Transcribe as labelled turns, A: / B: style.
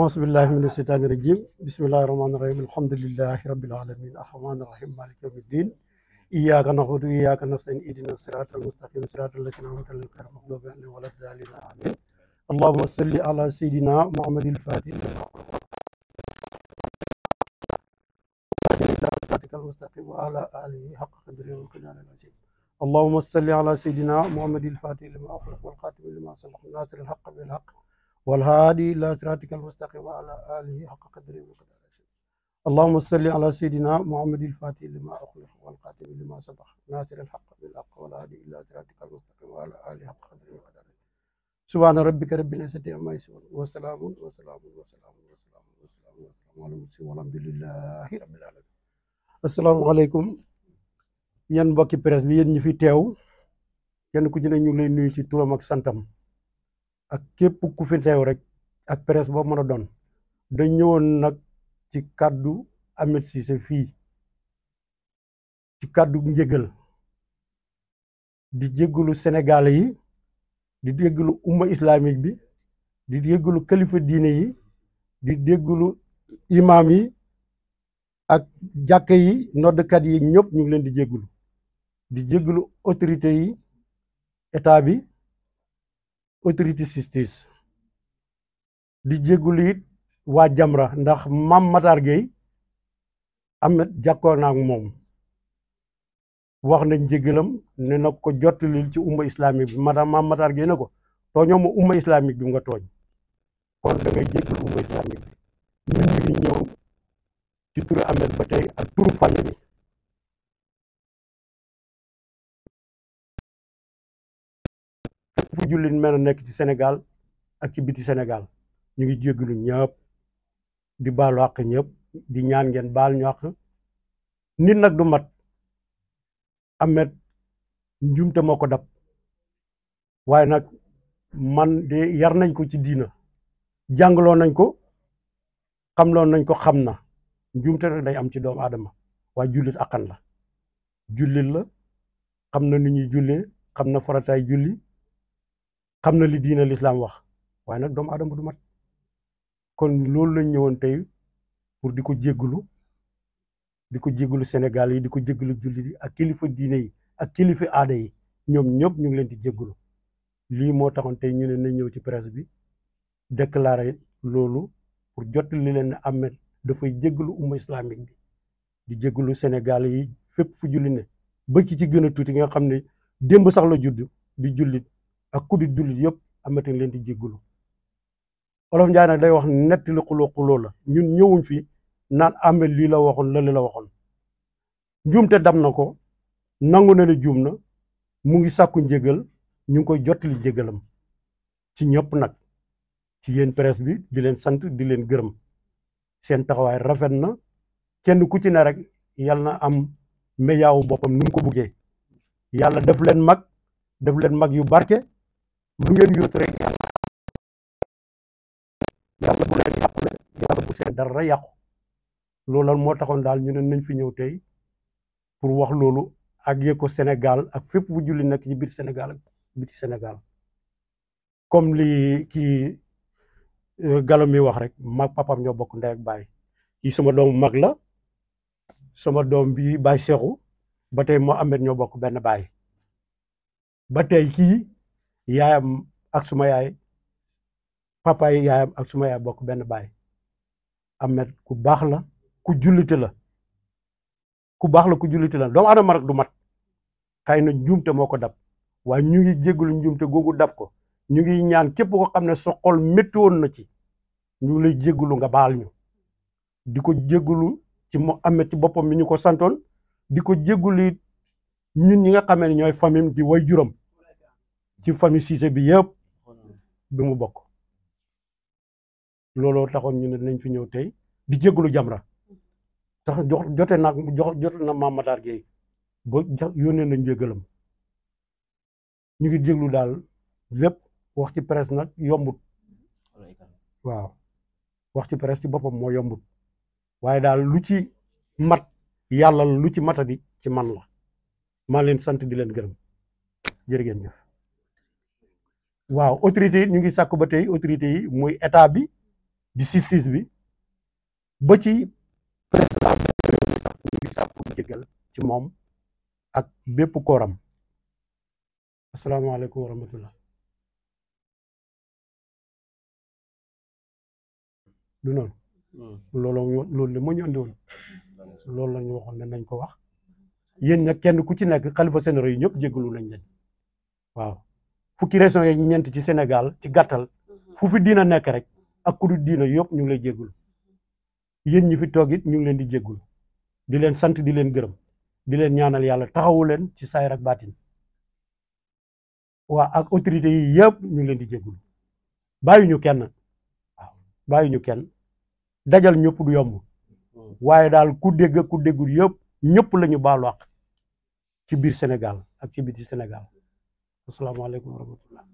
A: auzu billahi mina sheytaani rajim bismillahi rahmaani rahim alhamdulillahi rabbil alamin arrahmaani rahim maliki yawmi ddin iyyaka na'budu wa iyyaka nasta'in ihdina siratal mustaqim siratal ladzina an'amta alayhim ghayril maghdubi alayhim walad dallin amin
B: allahumma salli
A: ala sayidina muhammadil fatih siratal mustaqim wa ala alihi haqqa qadrihi wa miqdarihi al-azim اللهم صل على سيدنا محمد الفاتح لما أخلق والخاتم لما سبق ناصر الحق بالحق والهادي إلى صراطك المستقيم وعلى آله حق قدره وقدره اللهم صل على سيدنا محمد الفاتح لما أخلق والقاتم لما سبق ناصر الحق بالحق والهادي إلى صراطك المستقيم وعلى آله حق قدره وقدره سبحان ربك رب العزة عما يصفون وسلام وسلام وسلام وسلام وسلام وسلام على المرسلين والحمد لله رب العالمين asalaamaaleykum yéen mbokki presse bi yéen ñi fi teew kenn ku ci ne ñu ngi lay nuyu ci turam ak santam ak képp ku fi rek ak presse boo mën a doon dañ ñëwoon nag ci kàddu Ahmed Cissé fii ci kàddu njëgal di jéggalu sénégalais yi di jéggalu umma islamique bi di jéggalu kalifa diine yi di jéggalu imam yi ak jàkka yi noddkat yi ñëpp ñu ngi leen di jéggalu di jéggalu autorité yi état bi autorité justice di jéggulu it waa Jamra ndax Mame Matar Gueye Amet jàkkoo naa ak moom wax nañ njéggalam ne na ko jottalil ci umma islamique bi maanaam Mame Matar Gueye ko tooñoo ma umma islamique bi kon da ngay jéggal umma islamique bi ñun ñu ñëw ci turu Amet ba tey ak turu famille bi fépp fu jullit mën a nekk ci Sénégal ak ci biti Sénégal ñu ngi jéggalu ñëpp di baalu àq ñëpp di ñaan ngeen bal ñu àq nit nag du mat amet njumte moo ko dab waaye nag man de yar nañ ko ci diina jàngloo nañ ko xamloo nañ ko xam na njumte nag day am ci doomu aadama waaye jullit akkan la jullit la xam na nu ñuy jullee xam na farataay julli xam na li diina lislaam wax waaye nag doomu aadama du mat kon loolu lañ ñëwoon tey pour di ko jéggalu di ko jéggalu senegal yi di ko jéggalu jullit yi ak kilifa diine yi ak kilifa aada yi ñoom ñëpp ñu ngi leen di jéggalu lii moo taxoon tey ñu ne nañ ñëw ci presse bi déclaré loolu pour jottali leen ne Ameth dafay jéggalu umma islamique bi di jéggalu senegal yi fépp fu julli ne ba ci ci gën a tuuti nga xam ne démb sax la judd di jullit ak ku di jullit yëpp amati leen di jéggulu olof Njaay nag day wax netti li la ñun ñëwuñ fi naan amel lii la waxoon lële la waxoon njuumte dam na ko nangu na ne juum na mu ngi sàkku njégal ñu ngi koy jottali njégalam ci ñëpp nag ci yéen presse bi di leen sant di leen gërëm seen taxawaay rafet na kenn ku ci ne rek yàlla na am médiawu boppam nu mu ko buggee yàlla def leen mag def leen mag yu barke lu ngeen yóotu rek yàlla yàlla bu seen dara yàqu loolu moo taxoon daal ñu ne nañ fi ñëw tey pour wax loolu ak yëg ko Sénégal ak fépp bu julli nekk ci biir Sénégal ak biti Sénégal comme li kii euh, Gallo mi wax rek mag papam ñoo bokk ndey ak baay kii suma doom mag la sama doom bi baay Seexu ba tey moo amet ñoo bokk benn baay ba tey kii yaayam ak suma yaay papa yaayam ak suma yaay bokk benn baay Ahmed ku baax la ku jullite la ku baax la ku jullite la doomu adama du mat xëy na njuumte moo ko dab waaye ñu ngi jégalu njuumte googu dab ko ñu ngi ñaan képp ko xam ne sa xol métti woon na ci ñu ngi lay jégalu nga baal ñu di ko jégalu ci mu boppam mi ñu ko santoon di ko jégalu ñun ñi nga xamee ne ñooy famille di way juram ci famille Cissé bi yëpp mm. bi mu bokk looloo taxoon ñu ne nañ fi ñëw tey di jégalu Jamra tax jox jote nag jox jote na Mame Matar Gueye ba yónnee ñu ngi jéglu daal lépp wax ci presse nag yombut waaw wax ci presse ci boppam moo yombut waaye daal lu ci mat yàlla lu ci matadi ci man la maa leen sant di leen gërëm jërë ngeen waaw autorité yi ñu ngi sàkku ba tey autorité yi muy état bi di justice bi ba ci président sax ngi sàkku jéggal ci moom ak bépp kooram asalaamaaleykum wa rahmatullah du noonu hmm. loolu loolu la moo ñu andi woon loolu la ñu waxoon ne nañ ko wax yéen nag kenn ku ci nekk xalifa généraux yi ñëpp jéggalu lañ leen waaw fukki régions yi ñent ci Sénégal ci gàttal mhm. fufi fi diina nekk rek ak ku du diina yëpp ñu ngi lay jéggul yéen ñi fi toog it ñu ngi leen di jéggul di leen sant di leen gërëm di leen ñaanal yàlla taxawu leen ci saayir ak baatin waa ak autorités yi yëpp ñu ngi leen di jéggul bàyyiñu kenn waaw bàyyiñu kenn dajal ñu du yomb waaye daal ku dégg ku déggul yëpp ñëpp la ñu baalu ci biir Sénégal ak ci biti Sénégal আসসালামু আলাইকুম রহমতুল্লাহ